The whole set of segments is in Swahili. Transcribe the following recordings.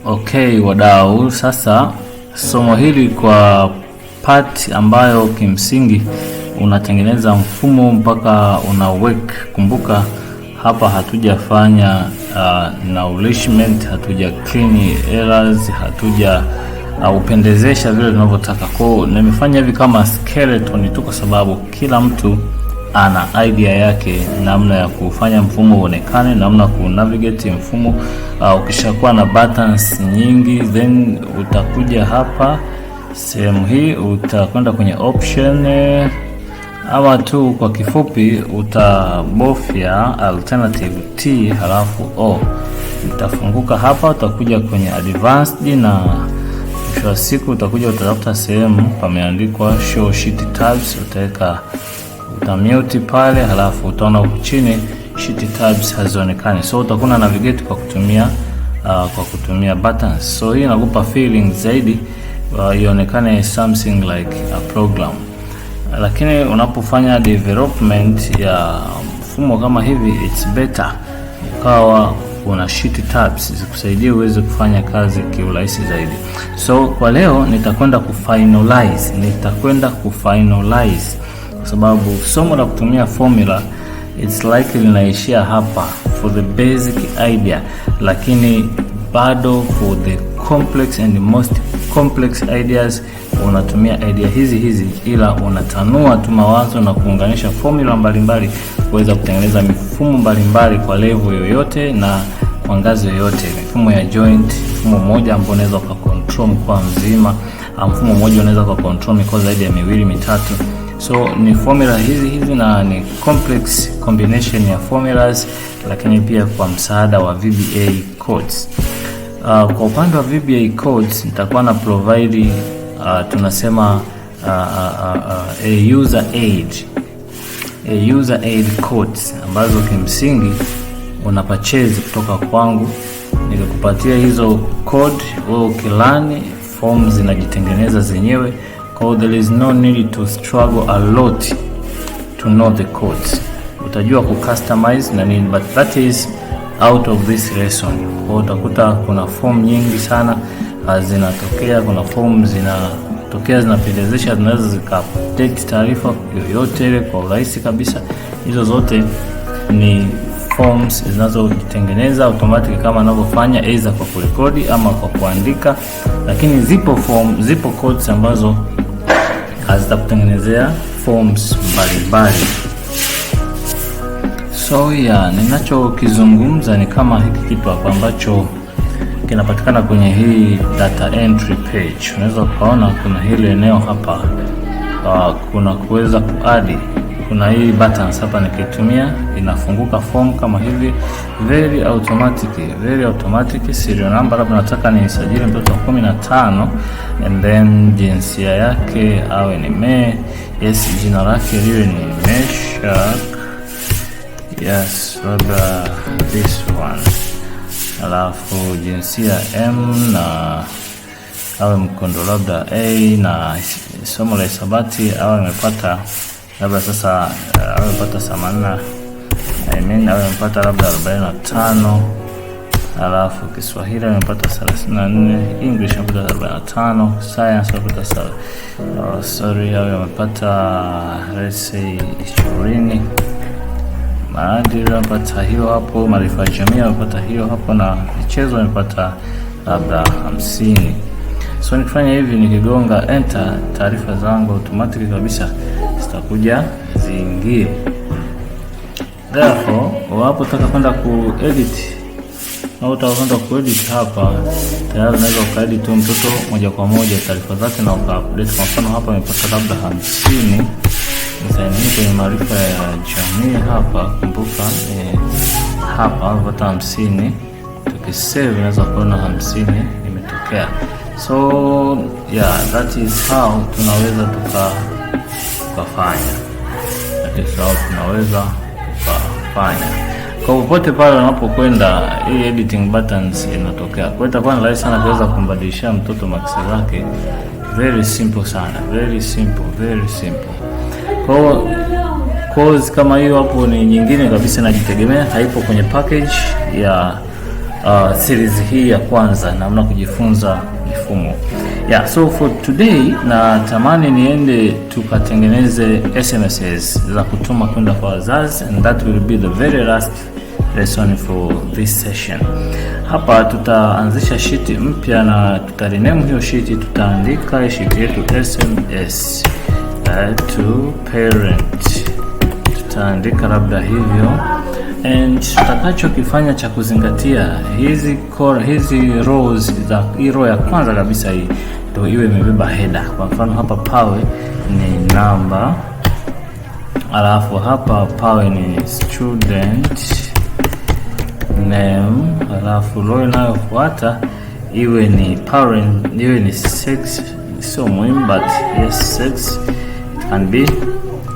Okay, wadau, sasa somo hili kwa part ambayo kimsingi unatengeneza mfumo mpaka una work. Kumbuka hapa hatujafanya uh, nourishment, hatuja clean errors, hatuja uh, upendezesha vile tunavyotaka. Kwa nimefanya hivi kama skeleton tu, kwa sababu kila mtu ana idea yake namna ya kufanya mfumo uonekane, namna ku navigate mfumo. Uh, ah, ukishakuwa na buttons nyingi, then utakuja hapa sehemu hii, utakwenda kwenye option eh, ama tu kwa kifupi utabofya alternative T halafu O, itafunguka hapa. Utakuja kwenye advanced na mwisho wa siku utakuja utatafuta sehemu pameandikwa show sheet tabs, utaweka utaweka mute pale, halafu utaona huku chini sheet tabs hazionekani, so utakuna navigate kwa kutumia uh, kwa kutumia buttons. So hii inakupa feeling zaidi uh, ionekane something like a program, lakini unapofanya development ya mfumo kama hivi it's better ukawa una sheet tabs zikusaidia uweze kufanya kazi kiurahisi zaidi. So kwa leo nitakwenda kufinalize, nitakwenda kufinalize kwa sababu somo la kutumia formula it's like linaishia hapa for the basic idea, lakini bado for the complex and most complex ideas unatumia idea hizi hizi, ila unatanua tu mawazo na kuunganisha formula mbalimbali kuweza kutengeneza mifumo mbalimbali kwa level yoyote na kwa ngazi yoyote, mifumo ya joint, mfumo mmoja ambao unaweza control mkoa mzima, mfumo mmoja unaweza control mikoa zaidi ya miwili mitatu. So ni formula hizi hizi na ni complex combination ya formulas, lakini pia kwa msaada wa VBA codes. Uh, kwa upande wa VBA codes nitakuwa na provide uh, tunasema uh, uh, uh, a user aid a user aid codes ambazo kimsingi una purchase kutoka kwangu, nilikupatia hizo code wewe ukilani, form zinajitengeneza zenyewe kwa there is no need to struggle a lot to know the codes. Utajua ku customize na nini, but that is out of this lesson. Kwa utakuta kuna form nyingi sana ah, zinatokea, kuna form zinatokea zinapendezesha, zinaweza zika update taarifa yoyote ile kwa urahisi kabisa. Hizo zote ni forms zinazojitengeneza automatic kama anavyofanya aidha kwa kurekodi ama kwa kuandika, lakini zipo form, zipo codes ambazo zitakutengenezea forms mbalimbali. So yeah, ninachokizungumza ni kama hiki kitu hapa ambacho kinapatikana kwenye hii data entry page. Unaweza ukaona kuna hili eneo hapa, uh, kuna kuweza kuadi kuna hii buttons hapa, nikitumia inafunguka form kama hivi, very automatic, very automatic. Serial number labda nataka nisajili mtoto 15 and then jinsia yake awe ni me, yes, jina lake liwe ni Meshak, yes, labda this one, alafu jinsia M na awe mkondo labda A na somo la hisabati awe amepata labda sasa eh, awe mpata themanini I mean amepata labda arobaini na tano alafu Kiswahili amepata 34, English amepata 45, science amepata uh, sorry, awe amepata let's say 20. Maadili amepata hiyo hapo, maarifa ya jamii amepata hiyo hapo, na michezo amepata labda 50. So nikifanya hivi, nikigonga enter, taarifa zangu automatic kabisa zitakuja ziingie. Therefore, unapotaka kwenda edit au taka ku edit hapa, tayari unaweza edit tu mtoto moja kwa moja taarifa zake na uka update. Kwa mfano hapa amepata labda 50 msainihi kwenye maarifa ya jamii hapa, kumbuka eh, hapa amepata hamsini tukisave unaweza kuona hamsini imetokea. So yeah, that is how tunaweza tuka tukafanya na tukisahau tunaweza kufanya. kwa popote pale unapokwenda, hii editing buttons inatokea. Kwa hiyo itakuwa ni rahisi sana kuweza kumbadilishia mtoto maksi zake. Very simple sana, very simple, very simple. Kwa hiyo course kama hiyo hapo ni nyingine kabisa, najitegemea, haipo kwenye package ya uh, series hii ya kwanza, namna kujifunza mifumo yeah. So for today na tamani niende tukatengeneze SMSs za kutuma kwenda kwa wazazi, and that will be the very last lesson for this session. Hapa tutaanzisha shiti mpya na tutarename hiyo shiti, tutaandika shiti yetu SMS uh, eh, to parent, tutaandika labda hivyo And utakachokifanya cha kuzingatia hizi core, hizi rows za hii row ya kwanza kabisa hii ndio iwe imebeba header. Kwa mfano hapa pawe ni namba, alafu hapa pawe ni student name, alafu row inayofuata iwe ni parent, iwe ni sex, sio muhimu but yes sex can be.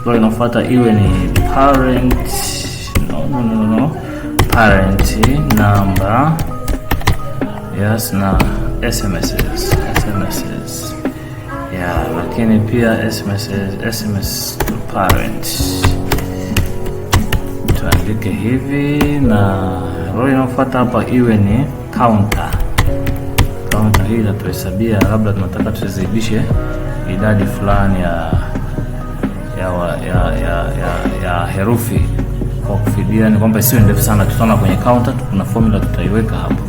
Row inayofuata iwe ni parent no. parent number yes, na SMSs, SMSs. Yeah, lakini pia SMSs, SMS to parent tuandike hivi, na roho inayofuata hapa iwe ni counter. Counter hii inatuhesabia labda tunataka tuzidishe idadi fulani ya ya, ya, ya, ya, ya herufi kwa kufidia ni kwamba sio ndefu sana, tutaona kwenye counter kuna formula tutaiweka hapo.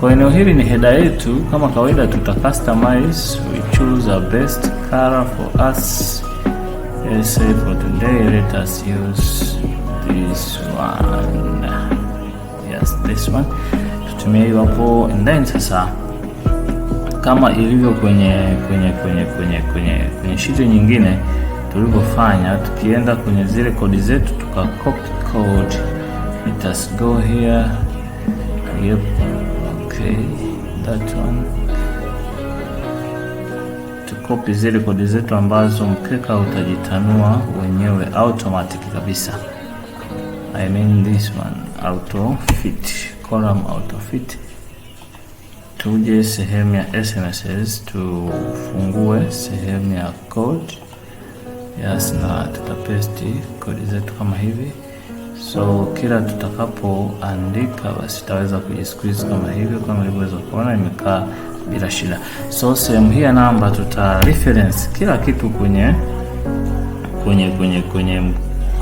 Kwa eneo hili ni header yetu, kama kawaida tuta customize, we choose our best color for us. Yes, for today let us use this one. Yes, this one. Tutumia hiyo hapo and then sasa kama ilivyo kwenye kwenye kwenye kwenye kwenye kwenye sheet nyingine tulivyofanya, tukienda kwenye zile kodi zetu tuka copy code. Let us go here. Yep. Okay, that one. Tukopi zile kodi zetu ambazo mkeka utajitanua wenyewe automatic kabisa. I mean this one auto fit column auto fit. Tuje sehemu ya SMSs tufungue sehemu ya code. Yes, na tutapesti kodi zetu kama hivi. So kila tutakapoandika basi taweza kujisqueeze kama hivyo, kama ulivyoweza kuona imekaa bila shida. So sehemu hii ya namba tuta reference kila kitu kwenye kwenye kwenye kwenye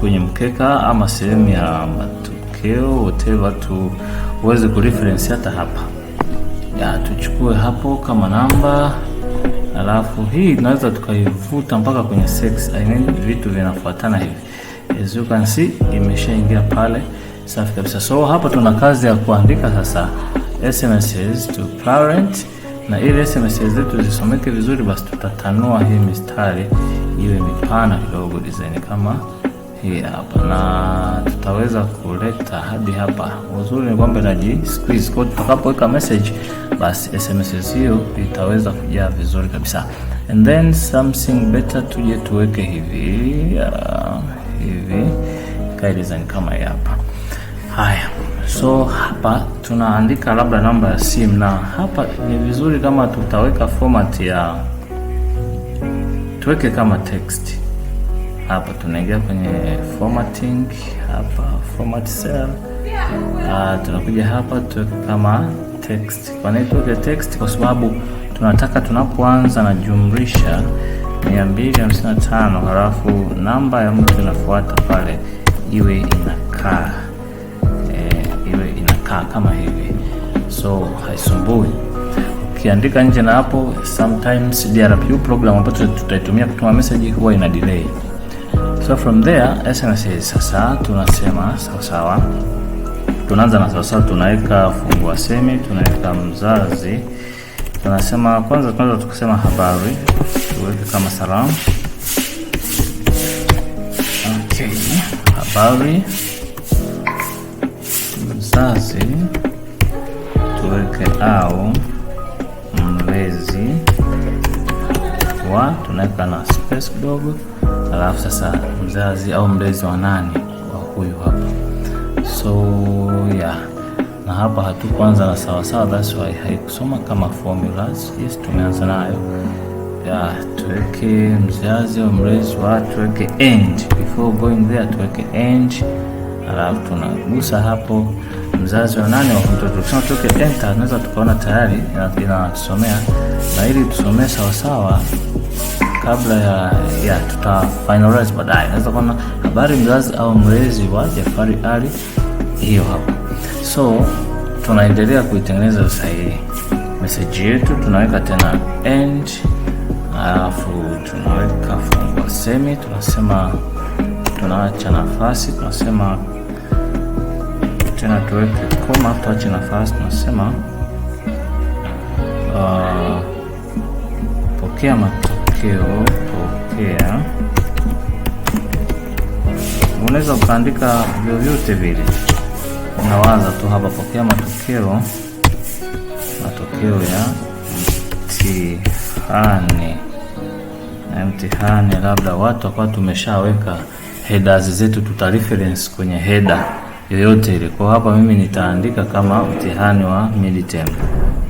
kwenye mkeka ama sehemu ya matokeo whatever, ku reference hata hapa ya, tuchukue hapo kama namba alafu hii tunaweza tukaivuta mpaka kwenye sex I mean, vitu vinafuatana hivi as you can see imeshaingia pale, safi kabisa. So hapa tuna kazi ya kuandika sasa SMSs to parent, na ili SMS zetu zisomeke vizuri, basi tutatanua hii mistari iwe mipana kidogo, design kama hii hapa, na tutaweza kuleta hadi hapa. Uzuri ni kwamba inaji squeeze, kwa tutakapoweka message, basi SMS hiyo itaweza kujaa vizuri kabisa, and then something better, tuje tuweke hivi uh, hivi guideline kama hapa. Haya, so hapa tunaandika labda namba ya simu, na hapa ni vizuri kama tutaweka format ya tuweke kama text hapa. Tunaingia kwenye formatting hapa, format cell uh, ah, tunakuja hapa tuweke kama text. Kwa nini tuweke text? Kwa sababu tunataka tunapoanza na jumlisha 255 halafu namba ya mtu inafuata pale iwe inakaa e, iwe inakaa kama hivi, so haisumbui ukiandika nje na hapo. Sometimes DRPU program ambayo tutaitumia kutuma message huwa ina delay, so from there SMS. Sasa tunasema sawasawa, tunaanza na sawasawa, tunaweka fungua semi, tunaweka mzazi tunasema kwanza, tunaweza tukasema habari tuweke kama salamu. Okay, habari mzazi tuweke au mlezi wa, tunaweka na space kidogo, alafu sasa mzazi au mlezi wa nani, wa huyu hapa, so yeah na hapa hatukuanza na sawasawa, that's why haikusoma kama formulas. Yes, tumeanza nayo ya tuweke mzazi au mlezi wa, tuweke and before going there, tuweke and alafu tunagusa hapo mzazi wa nane wa mtoto. Tukisema tuweke enter, tunaweza tukaona tayari inatusomea, na ili tusomee sawasawa kabla ya ya tuta finalize baadaye. Unaweza kuona habari mzazi au mlezi wa Jafari Ali hiyo hapo. So tunaendelea kuitengeneza sasa meseji message yetu, tunaweka tena end, alafu tunaweka fungua semi, tunasema tunaacha nafasi, tunasema tena tuweke koma, tuache nafasi, tunasema uh, pokea matokeo, pokea unaweza ukaandika vyovyote vile nawaza tu hapa, pokea matokeo, matokeo ya mtihani na mtihani, labda watu wakawa tumeshaweka headers zetu, tuta reference kwenye header yoyote ile. Kwa hapa mimi nitaandika kama mtihani wa midterm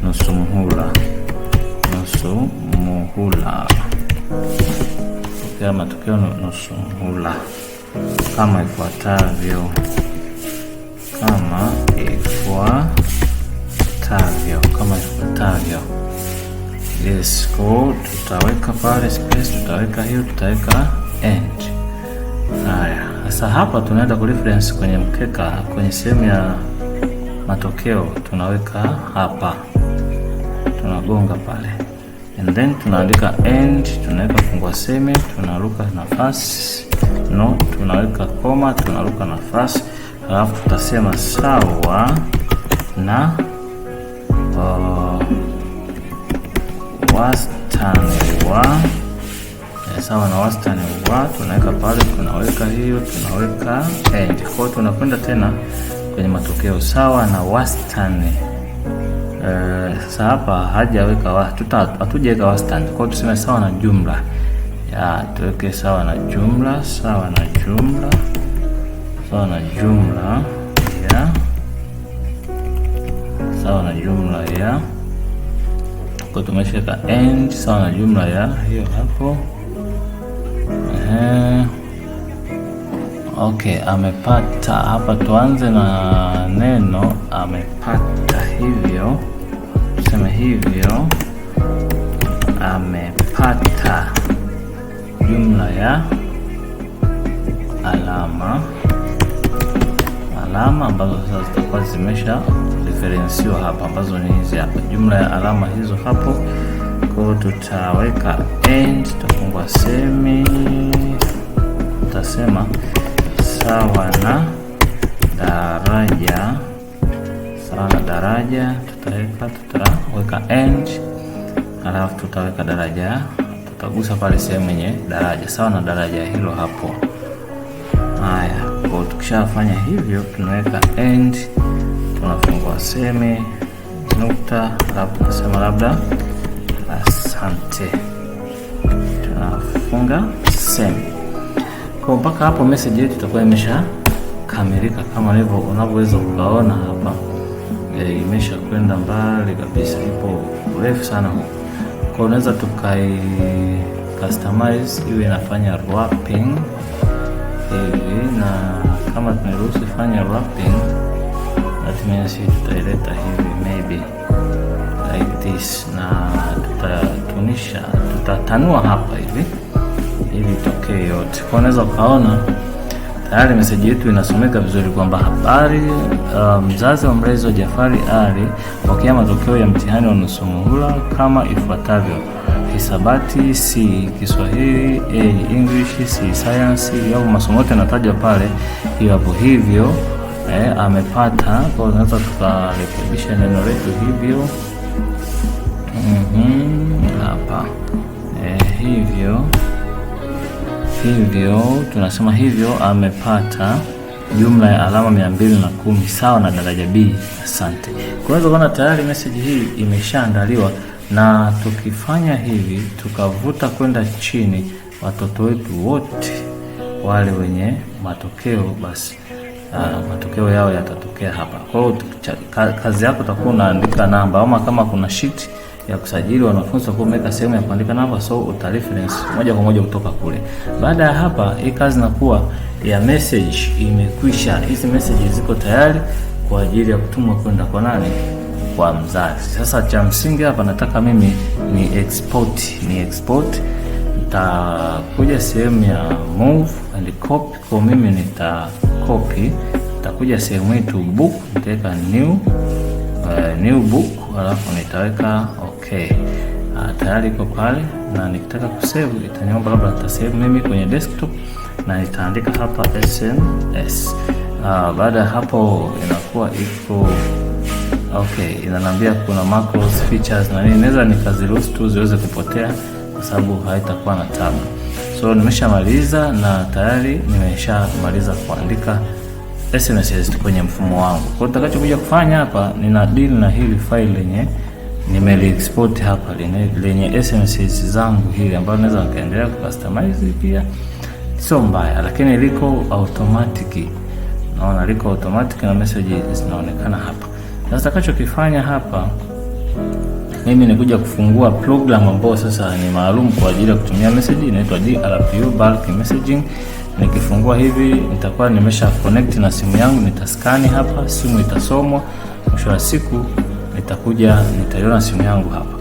nusu muhula, nusu muhula, pokea matokeo nusu muhula kama ifuatavyo kama ifuatavyo kama ifuatavyo. Yes, ko tutaweka pale space, tutaweka hiyo, tutaweka end. Haya, sasa hapa tunaenda ku reference kwenye mkeka, kwenye sehemu ya matokeo tunaweka hapa, tunagonga pale and then tunaandika end, tunaweka fungua semi, tunaruka nafasi no, tunaweka koma, tunaruka nafasi alafu tutasema sawa na uh, wastani wa eh, sawa na wastani wa, tunaweka pale, tunaweka hiyo, tunaweka end. Kwa hiyo tunakwenda tena kwenye matokeo, sawa na wastani eh, sasa hapa hajaweka, hatujaweka wastani, kwa hiyo tuseme sawa na jumla ya, tuweke sawa na jumla, sawa na jumla sawa na jumla ya sawa na jumla ya kwa tumeshaweka end sawa na jumla ya hiyo hapo. Ehe, okay, amepata hapa. Tuanze na neno amepata, hivyo tuseme hivyo, amepata jumla ya alama alama ambazo sasa zitakuwa zimesha referensiwa hapa, ambazo ni hizi hapa, jumla ya alama hizo hapo. Kwa hiyo tutaweka end, tutafungua semi, tutasema sawa na daraja, sawa na daraja, tutaweka tutaweka end, alafu tutaweka daraja, tutagusa pale sehemu yenye daraja, sawa na daraja hilo hapo. Tukishafanya hivyo, tunaweka end, tunafungua semi nukta, alafu tunasema labda asante, tunafunga semi. Kwa mpaka hapo message yetu itakuwa imesha kamilika kama hivyo unavyoweza ukaona hapa e, imesha kwenda mbali kabisa, ipo urefu sana huko. Kwa unaweza tukai customize iwe inafanya wrapping hivi e, na kama tunaruhusu fanya wrapping, tumia si tutaileta hivi maybe like this, na tutatunisha, tutatanua hapa hivi ili itokee yote. Kwa unaweza ukaona tayari meseji yetu inasomeka vizuri kwamba habari uh, mzazi um, wa mlezi wa Jafari Ali pokea matokeo ya mtihani wa nusu muhula kama ifuatavyo hisabati, si Kiswahili, A English, si science au masomo yote anataja pale. Iwapo hivyo eh, amepata kwa, tunaweza tukarekebisha neno letu hivyo mhm, hapa mm -hmm, eh, hivyo hivyo tunasema hivyo amepata jumla ya alama mia mbili na kumi sawa na daraja B. Asante. Kwa hiyo tayari meseji hii imeshaandaliwa na tukifanya hivi tukavuta kwenda chini watoto wetu wote wale wenye matokeo basi Uh, matokeo yao yatatokea hapa. Kwa hiyo kazi yako utakuwa unaandika namba, ama kama kuna sheet ya kusajili wanafunzi utakuwa umeweka sehemu ya kuandika namba, so uta moja kwa moja kutoka kule. Baada ya hapa, hii kazi inakuwa ya message imekwisha. Hizi message ziko tayari kwa ajili ya kutumwa kwenda kwa nani? kwa mzazi. Sasa cha msingi hapa nataka mimi ni export, ni export nitakuja sehemu ya move and copy, kwa mimi nita copy, nitakuja sehemu yetu book, nitaweka new uh, new book alafu nitaweka okay. Uh, tayari iko pale, na nikitaka kusave itaniomba labda nitasave mimi kwenye desktop na nitaandika hapa sms. Uh, ah, baada ya hapo inakuwa iko Okay, inanambia kuna macros features na nini, naweza nikaziruhusu tu ziweze kupotea kwa sababu haitakuwa na tabu. So nimeshamaliza na tayari nimeshamaliza kuandika SMSs kwenye mfumo wangu. Kwa hiyo nitakachokuja kufanya hapa, nina deal na hili file lenye nimeliexport hapa lenye lenye SMSs zangu hili ambalo naweza nikaendelea customize pia, sio mbaya, lakini liko automatic. Naona liko automatic na message zinaonekana hapa. Sasa takachokifanya hapa mimi nikuja kufungua program ambayo sasa ni maalum kwa ajili ya kutumia message, inaitwa DRPU bulk messaging. Nikifungua hivi nitakuwa nimesha connect na simu yangu, nitaskani hapa, simu itasomwa, mwisho wa siku nitakuja nitaiona simu yangu hapa.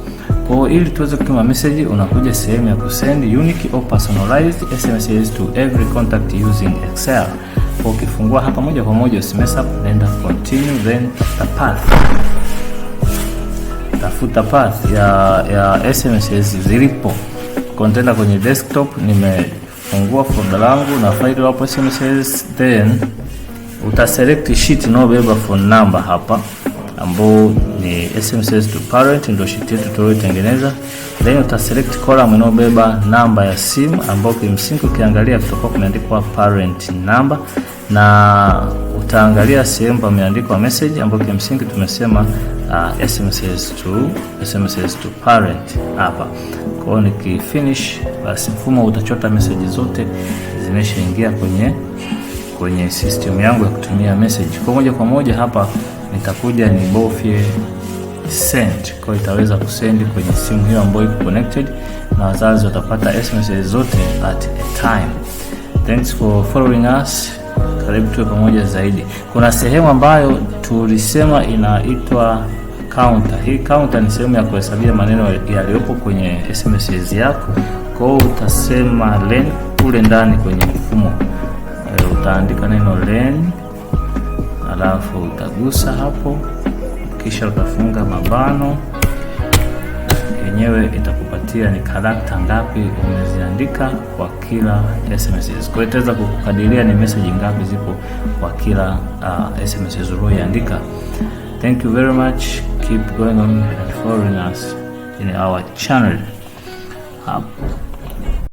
Kwa hiyo ili tuweze kutuma message, unakuja sehemu ya kusend unique or personalized SMS to every contact using Excel kwa ukifungua hapa moja kwa moja usimess up, naenda continue, then the path, tafuta path ya, ya SMS zilipo kontena kwenye desktop. Nimefungua folder langu na faili hapo sms then utaselect sheet inayobeba phone number hapa ambao ni sms to parent, ndio sheet yetu tuliotengeneza then uta select column inayobeba namba ya simu ambayo kimsingi ukiangalia kutakuwa kumeandikwa parent number, na utaangalia sehemu pameandikwa message ambayo kimsingi tumesema uh, SMSs to SMSs to parent hapa. Kwa hiyo nikifinish, basi mfumo utachota message zote zimeshaingia kwenye kwenye system yangu ya kutumia message. Kwa moja kwa moja hapa nitakuja nibofye send, kwa itaweza kusend kwenye simu hiyo ambayo iko connected na wazazi watapata SMS zote at a time. Thanks for following us. Karibu tuwe pamoja zaidi. Kuna sehemu ambayo tulisema inaitwa counter. Hii counter ni sehemu ya kuhesabia maneno yaliyopo kwenye SMS yako. Kwa hiyo utasema len kule ndani kwenye mfumo e, utaandika neno len alafu utagusa hapo kisha utafunga mabano yenyewe itakupatia ni karakta ngapi umeziandika kwa kila SMS. Kwa hiyo itaweza kukadiria ni message ngapi zipo kwa kila uh, SMS ulioiandika. Thank you very much. Keep going on and following us in our channel.